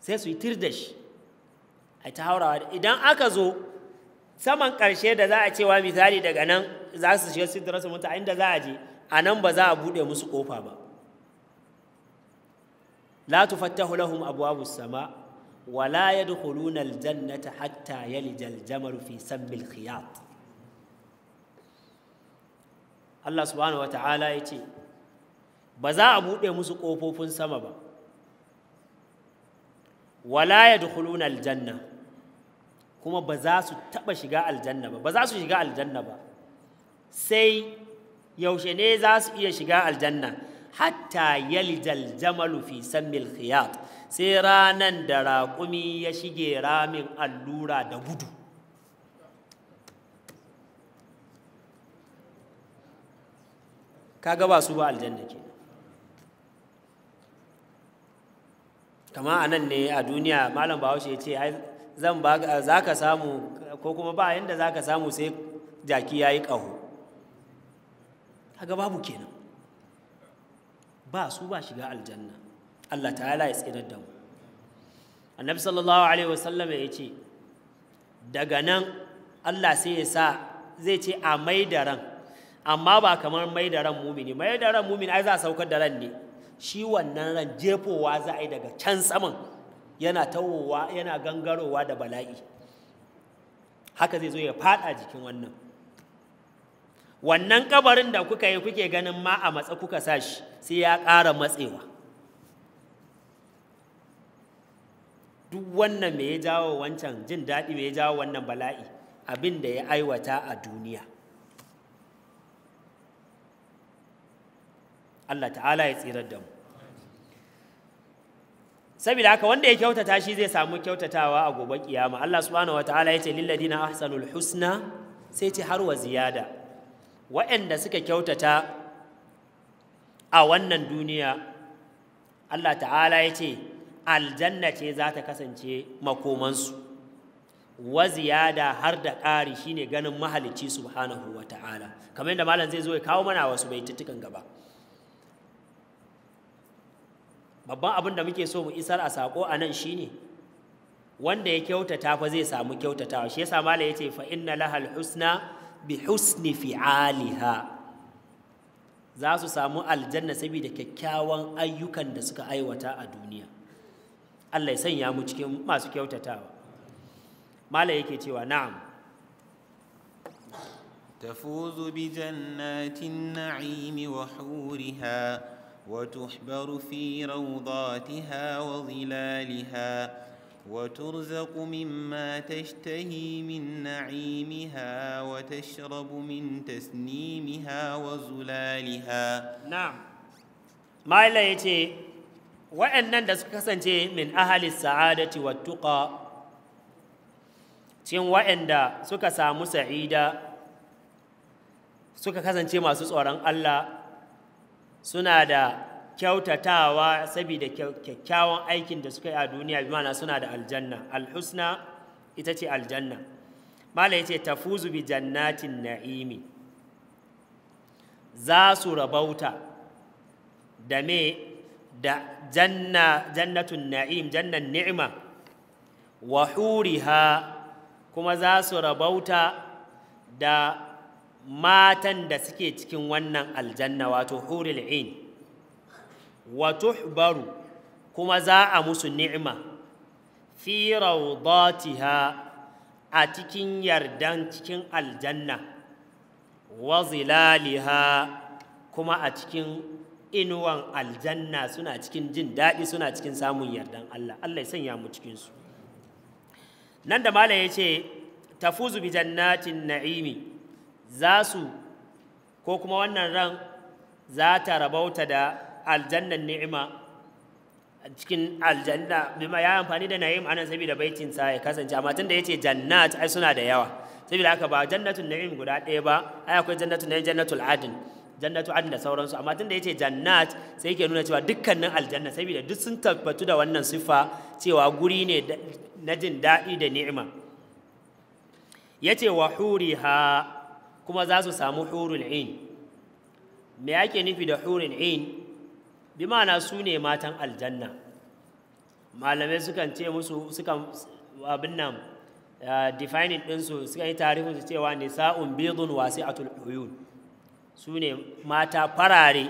A: sai su yi tir da shi a ta haurawa idan aka zo saman ƙarshe da za a cewa misali daga nan za su shiga sidratul muntaha inda za a je a nan ba za a buɗe musu ƙofa ba la tufattahu lahum abwabus sama wa la yadkhuluna aljannata hatta yalija aljamalu fi sammi alkhiyat Allah subhanahu wata'ala ya ce ba za a buɗe musu ƙofofin sama ba wala yadkhuluna aljanna kuma ba za su taɓa shiga aljanna ba ba za su shiga aljanna ba sai yaushe ne za su iya shiga aljanna hatta yalijal jamalu fi sammil khiyat sai ranan da raƙumi ya shige ramin allura da gudu kaga ba su ba aljanna ke kama a nan ne a duniya malam bahaushe ya ce zan ba za ka samu ko kuma ba yadda za ka samu sai jaki ya yi ƙaho kaga babu kenan ba su ba shiga aljanna Allah ta'ala ya tsinar da mu annabi sallallahu alaihi wasallam ya ce daga nan Allah sai ya sa zai ce a mai da ran amma ba kamar mai da ran mumini mai da ran mumini ai za a saukar da ran ne shi wannan ran jefowa za a yi daga can saman yana tawowa yana gangarowa da bala'i haka zai zo ya fada jikin wannan wannan kabarin da kuka yi kuke ganin ma a matsa kuka sa shi sai ya ƙara matsewa duk wannan me ya jawo wancan jin daɗi me ya jawo wannan bala'i abin da ya aiwata a duniya Allah ta'ala ya tsirar da mu saboda haka wanda ya kyautata shi zai samu kyautatawa a gobe kiyama Allah subhanahu wataala yace lil ladina ahsanul husna sai ce har wa ziyada waɗanda suka kyautata a wannan duniya Allah ta'ala yace aljanna ce za ta kasance makomansu wa ziyada har da ƙari shine ganin mahalicci subhanahu wataala kamar yadda malam zai zo ya kawo mana wasu baitittukan gaba babban abin da muke so mu isar a sako a nan shine wanda ya kyautata fa zai samu kyautatawa shi yasa malai yace fa inna lahal husna bi husni fi'aliha za su samu aljanna saboda kyakkyawan ayyukan da suka aiwata a duniya Allah ya sanya mu cikin masu kyautatawa malai yake cewa na'am
B: tafuzu jannatin na'imi wa وحورها وتحبر في روضاتها وظلالها وترزق مما تشتهي من نعيمها وتشرب من تسنيمها وزلالها نعم ما يتي وأنن da suka kasance
A: min ahli sa'adati wattuqa cin wa'anda suka samu sa'ida suka kasance masu tsoron Allah suna da kyautatawa saboda kyakkyawan aikin da suka yi a duniya bi mana suna da aljanna alhusna ita ce aljanna mala yace tafuzu bi jannatin na'imi za su rabauta da me da janna jannatun na'im jannan ni'ima wa huriha kuma za su rabauta da matan da suke cikin wannan aljanna wato huril in wa tuhbaru kuma za a musu ni'ima fi Batiha a cikin yardan cikin aljanna wa zilaliha kuma a cikin inuwan aljanna suna cikin jin daɗi suna cikin samun yardan Allah Allah ya sanya mu cikin su nan da malam yace tafuzu bi jannatin na'imi za su ko kuma wannan ran za ta rabauta da aljannan ni'ima cikin aljanna bima ya amfani da na'im anan saboda baitin sa ya kasance amma tunda yace jannat ai suna da yawa saboda haka ba jannatul na'im guda ɗaya ba ai akwai jannatul na'im jannatul adn jannatu adn da sauransu amma tunda yace jannat sai yake nuna cewa dukkanin aljanna saboda duk sun tabbatu da wannan sifa cewa guri ne na jin daɗi da ni'ima yace wa huriha kuma za su samu hurul ain me yake nufi da hurul ain bi ma'ana su ne matan aljanna malamai sukan ce musu sukan abin nan eh, defining ɗinsu suka yi tarihin su cewa nisa'un bidun wasi'atul uyun su ne mata farare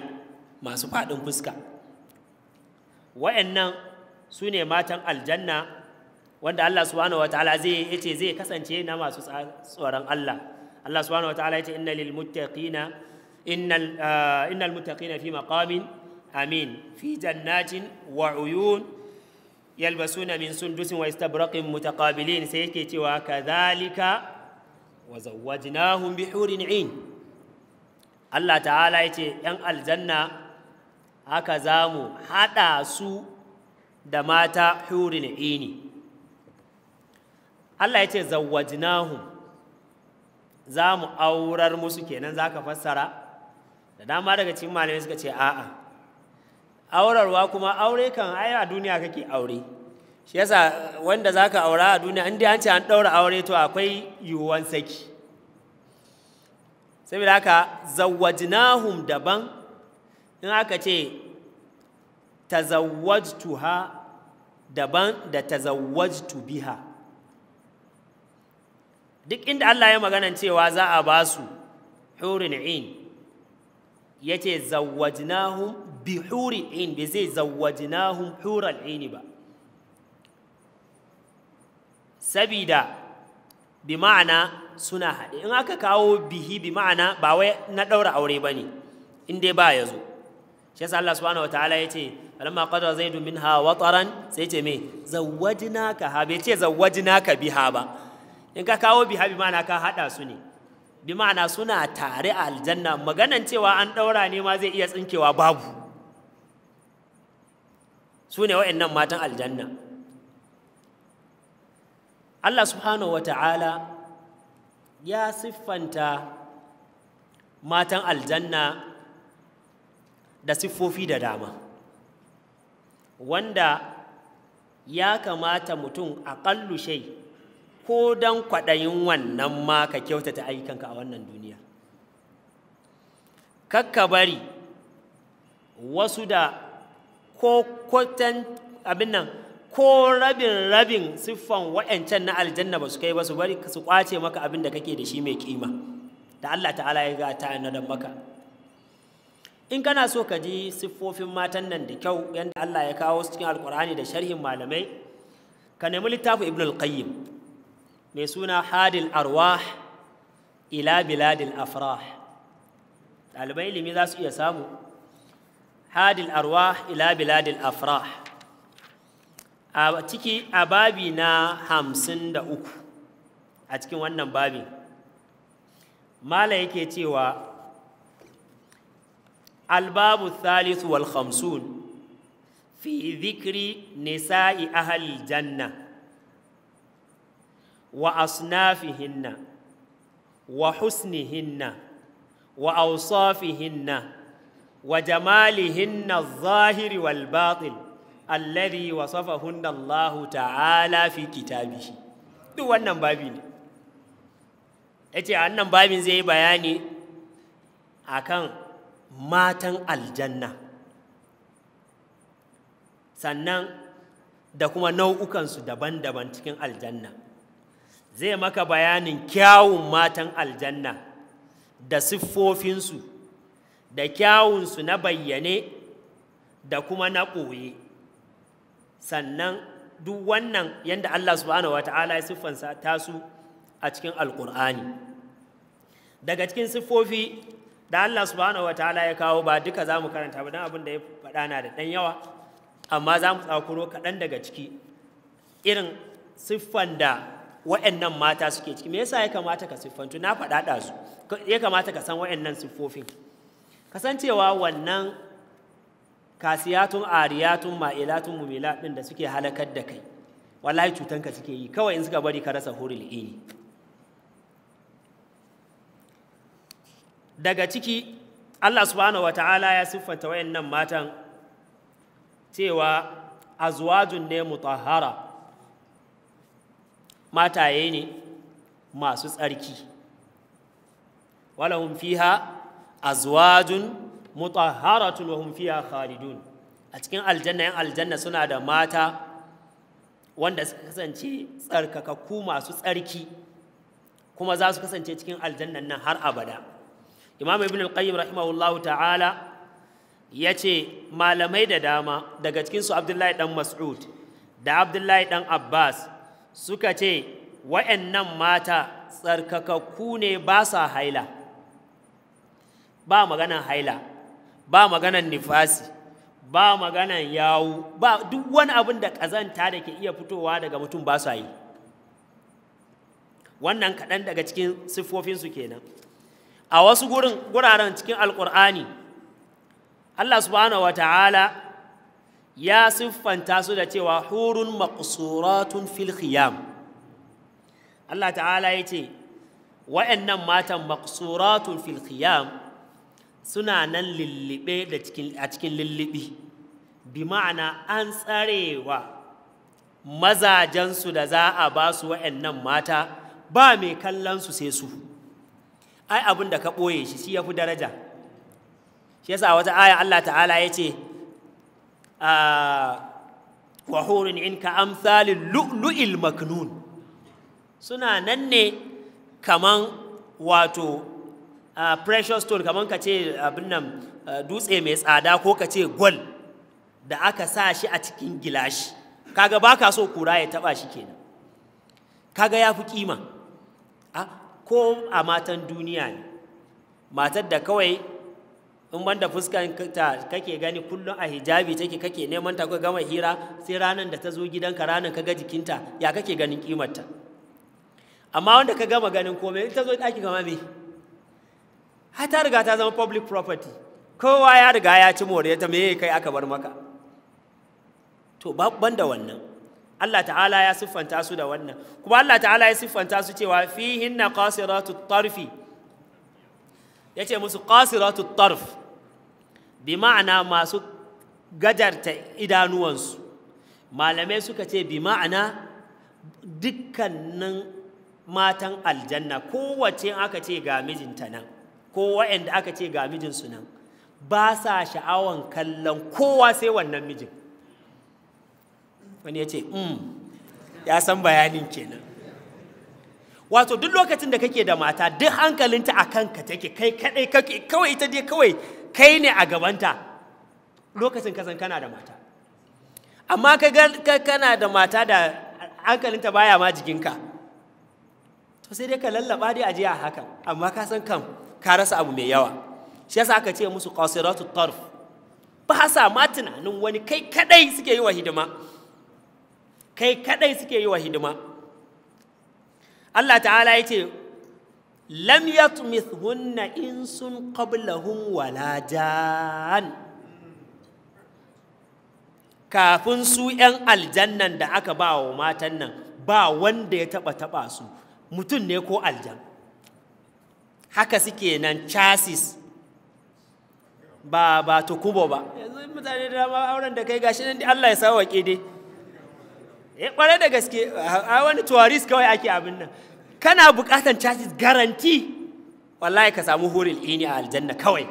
A: masu faɗin fuska wa'annan su ne matan aljanna wanda Allah subhanahu wa ta'ala zai yace zai kasance na masu tsoron Allah Allah subhanahu wataala yace innal lil muttaqina innal ah, innal muttaqina fi maqamin amin fi jannatin wa uyun yalbasuna min sundusin wa istabraqin mutaqabilin sai yake cewa kadhalika wa zawwajnahum bi hurin 'ain Allah ta'ala yace yan aljanna haka mu haɗa su da mata hurin 'aini Allah yace zawwajnahum za mu aurar musu kenan za ka fassara da dama daga cikin malamai suka ce a'a aurarwa kuma aure kan ai a duniya kake aure shi yasa wanda za ka aura a duniya inda an ce an ɗaura aure to akwai yiwuwan saki saboda haka zawwajnahum daban in aka ce tuha daban da tazawwajtu biha duk inda Allah ya magana cewa za a ba su hurin in ce zawajinahun bi huri in bai zai zawajinahun hural in ba sabida bi ma'ana suna haɗe in aka kawo bihi bi ma'ana ba wai na ɗaura aure ba ne in dai ba ya zo shi yasa Allah subhanahu wataala ya ce alamma qadra zaidu minha wataran sai ce me ka ha bai ce ka biha ba in ka kawo biha bi ma'ana ka haɗa su ne bi ma'ana suna tare a aljanna maganan cewa an ɗaura ne ma zai iya tsinkewa babu su ne wa'annan matan aljanna Allah subhanahu wa ta'ala ya siffanta matan aljanna da siffofi da dama wanda ya kamata mutum aƙallu shai ko don kwaɗayin wannan ma ka kyautata ayyukanka a wannan duniya kakka bari wasu da ko abin nan ko rabin rabin siffan wa'yancan na aljanna ba su kai ba su bari su kwace maka abin da kake da shi mai kima da Allah ta'ala ya ga ta na maka in kana so ka ji siffofin matan nan da kyau yadda Allah ya kawo su cikin alkur'ani da sharhin malamai ka nemi littafin ibn al-qayyim mai suna hadil arwah ila biladil afrah ɗaliban ilimi za su iya samu hadil arwah ila biladil afrah a ciki a babi na hamsin da uku a cikin wannan babi. mala yake cewa albabu thalith wal khamsun fi dhikri nisa'i ahal janna wa asnafihinna wa hinna wa awsafihinna wa jamalihinna zahiri wal batil alladhi wasafahunna Allah ta'ala fi kitabihi duk wannan babi ne yace wannan babin zai yi bayani akan matan aljanna sannan da kuma nau'ukansu daban-daban cikin aljanna zai maka bayanin kyawun matan aljanna da siffofinsu da kyawunsu na bayyane da kuma na ɓoye sannan duk wannan yadda Allah subhanahu ta'ala ya siffansa ta a cikin alkur'ani daga cikin siffofi da Allah subhanahu ta'ala ya kawo ba duka za mu karanta ba don abin da ya faɗa na da ɗan yawa amma za mu tsakuro kaɗan daga ciki irin siffan da wa'annan mata suke ciki me yasa ya kamata ka siffantu na faɗa su ya kamata ka san wa'annan siffofin kasancewa wannan kasiyatun ariyatun ma'ilatun mumila ɗin da suke halakar da kai wallahi cutanka suke yi kawai in suka bari ka rasa hurul ini daga ciki Allah subhanahu wata'ala ya siffanta wayannan matan cewa azwajun ne mutahhara mataye ne masu tsarki walahum fiha azwajun mutahharatun wa hum fiha khalidun a cikin aljanna yan aljanna suna da mata wanda suka kasance tsarkakakku masu tsarki kuma za su kasance cikin aljannan nan har abada imam ibn al-qayyim rahimahullahu ta'ala ya ce malamai da dama daga cikinsu abdullahi dan mas'ud da abdullahi dan abbas suka ce wa'annan mata tsarkakakku ne ba sa haila ba maganan haila ba maganan nifasi ba maganan yawu ba duk wani abin da ƙazanta da ke iya fitowa daga mutum ba sa yi wannan kaɗan daga cikin siffofinsu kenan a wasu guraren cikin alƙur'ani Allah subhanahu wa ta'ala ya siffanta su da cewa hurun maqsuratun fil khiyam Allah ta'ala ya ce wa'annan matan maqsuratun fil khiyam suna nan lullube da a cikin lillibi bi ma'ana an tsarewa mazajensu da za a ba su wa'annan mata ba mai kallonsu sai su ai abin da ka ɓoye shi shi ya fi daraja shi yasa wata aya Allah ta'ala ya ce Ah, wa hurin in ka amsalin lu'lu'il maknun suna nan ne kaman wato ah, precious stone kaman ka ce abin nan ah, dutse mai tsada ko ka ce gwal da aka sa shi a cikin gilashi kaga baka so kura ya taba shi kenan kaga ya fi kima ko a matan duniya ne matar da kawai in banda fuskan ta kake gani kullum a hijabi take kake neman ta gama hira sai ranan da ta zo gidanka ranan ka ga jikinta ya kake ganin kimarta amma wanda ka gama ganin komai in ta zo daki kama me har ta riga ta zama public property kowa ya riga ya ci ta me kai aka bar maka to banda da wannan Allah ta'ala ya siffanta su da wannan kuma Allah ta'ala ya siffanta su cewa fihinna qasiratut tarfi yace musu qasiratut tarf bi ma'ana masu gajarta idanuwansu malamai suka ce bi ma'ana dukkanin matan aljanna kowace aka ce ga mijinta nan ko wa'anda aka ce ga mijinsu nan ba sa sha'awan kallon kowa sai wannan mijin wani ya ce mm, ya san bayanin kenan wato duk lokacin da kake da mata duk hankalinta a kanka take kai kadai kake kawai ita dai kawai kai ne a gabanta lokacin kasan kana da mata amma ka kana da mata da hankalinta baya ma jikinka to sai dai ka lallaba dai aje a haka amma ka san kam ka rasa abu mai yawa shi yasa aka ce musu qasiratu tarf ba sa ma tunanin wani kai kadai suke yi wa hidima kai kadai suke yi wa hidima Allah ta'ala ya ce lam yatmithunna insun qablahum wala jan kafin su 'yan aljannan da aka ba wa matan nan ba wanda ya taba taba su mutum ne ko aljan haka suke nan chassis ba ba tukubo ba yanzu mutane da dama auren da kai gashi nan Allah ya sawa dai eh kware da gaske a wani tourist kawai ake abin nan kana buƙatar charges garanti wallahi ka samu huril ini a aljanna kawai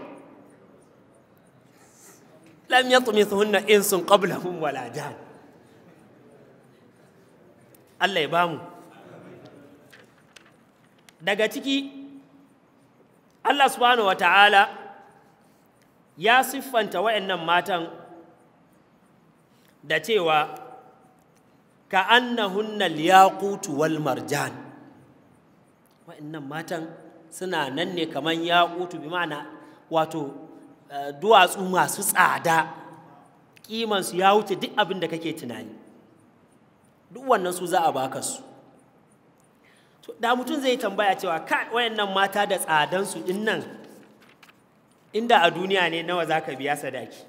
A: lam yatmithunna insun qablahum wala jan Allah ya bamu daga ciki Allah subhanahu wata'ala ya siffanta wayannan matan da cewa ka annahunna al wal marjan wa'annan matan suna nan ne kamar yaƙutu bi ma'ana wato eh, duwatsu masu tsada kimansu ya wuce duk abin da kake tunani duk wannan su za a baka su da mutum zai tambaya cewa ka wayannan mata da tsadansu din nan inda a duniya ne nawa za ka biya sadaki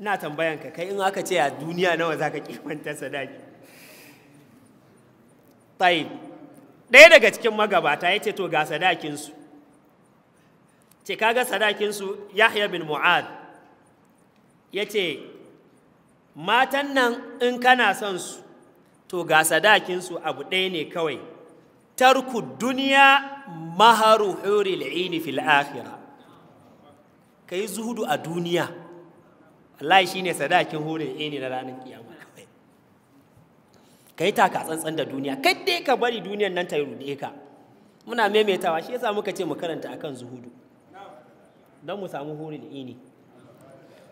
A: ina tambayan ka kai in aka ce a duniya nawa za ka kimanta sadaki tai ɗaya daga cikin magabata ya ce to ga sadakinsu ce kaga sadakinsu yahya bin mu'ad ya ce matan nan in kana son su to ga sadakinsu abu ɗaya ne kawai tarku duniya maharu huril ini fil akhira ka zuhudu a duniya Allah shi ne sadakin huril ini na ranar kiyama ka yi taka tsantsan da duniya dai ka bari duniyar nan ta rude ka muna maimaitawa shi yasa muka ce mu karanta akan zuhudu dan mu samu huri da ini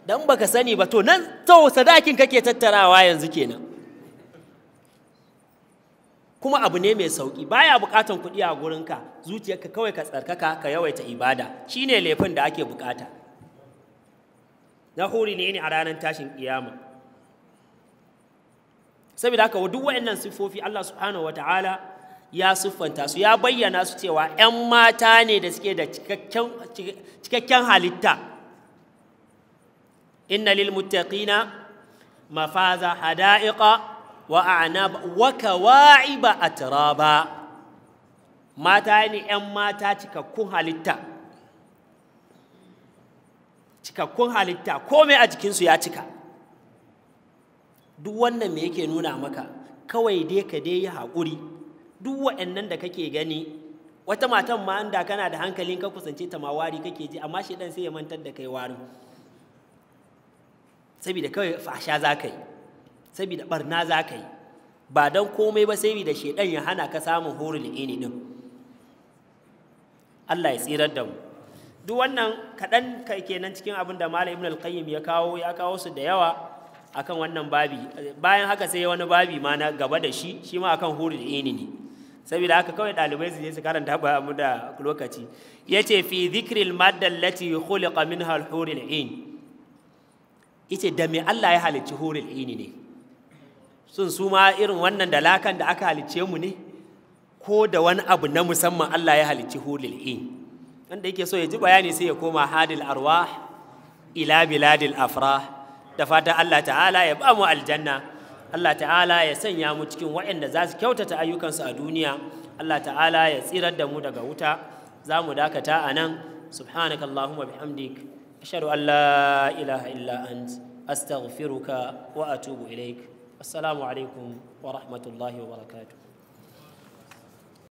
A: dan baka sani ba to nan to sadakin kake tattarawa yanzu kenan kuma abu ne mai sauki baya bukatan kuɗi a gurinka zuciyarka kawai ka tsarkaka ka yawaita ibada shine laifin da ake bukata na huri ne a ranar tashin kiyama saboda haka duk waɗannan siffofi Allah subhanahu wataala ya siffanta su ya bayyana su cewa 'yan mata ne da suke da cikakken halitta inna lil muttaqina mafaza hada'iqa wa a'nab wa kawa'iba atraba mata ne 'yan mata cikakkun halitta cikakkun halitta komai a jikinsu ya cika duk wannan me yake nuna maka kawai dai ka dai yi haƙuri duk waɗannan da kake gani wata matan ma da kana da hankalin ka kusance ta mawari kake ji amma shi sai ya mantar da kai warin saboda kawai fasha za ka yi saboda barna za ka yi ba don komai ba sai da shedan ya hana ka samun horin ini din Allah ya tsirar da mu duk wannan kaɗan kenan cikin abin da Malam Ibn al-Qayyim ya kawo ya kawo su da yawa akan wannan babi bayan haka sai wani babi ma na gaba da shi shi ma akan hurul ini ne saboda haka kawai dalibai su je su karanta ba mu da lokaci yace fi dhikril madda allati khuliqa minha al hurul in yace da me Allah ya halicci hurul ini ne sun su ma irin wannan da lakan da aka halicce mu ne ko da wani abu na musamman Allah ya halicci hurul in wanda yake so ya ji bayani sai ya koma hadil arwah ila biladil afrah da fatan Allah ta'ala ya ba mu aljanna Allah ta'ala ya sanya mu cikin waɗanda za su kyautata ayyukansu a duniya Allah ta'ala ya tsirar da mu daga wuta za mu dakata a nan subhanaka Allahumma bihamdik ashhadu an la ilaha illa ant astaghfiruka wa atubu ilaik assalamu alaikum wa rahmatullahi wa barakatuh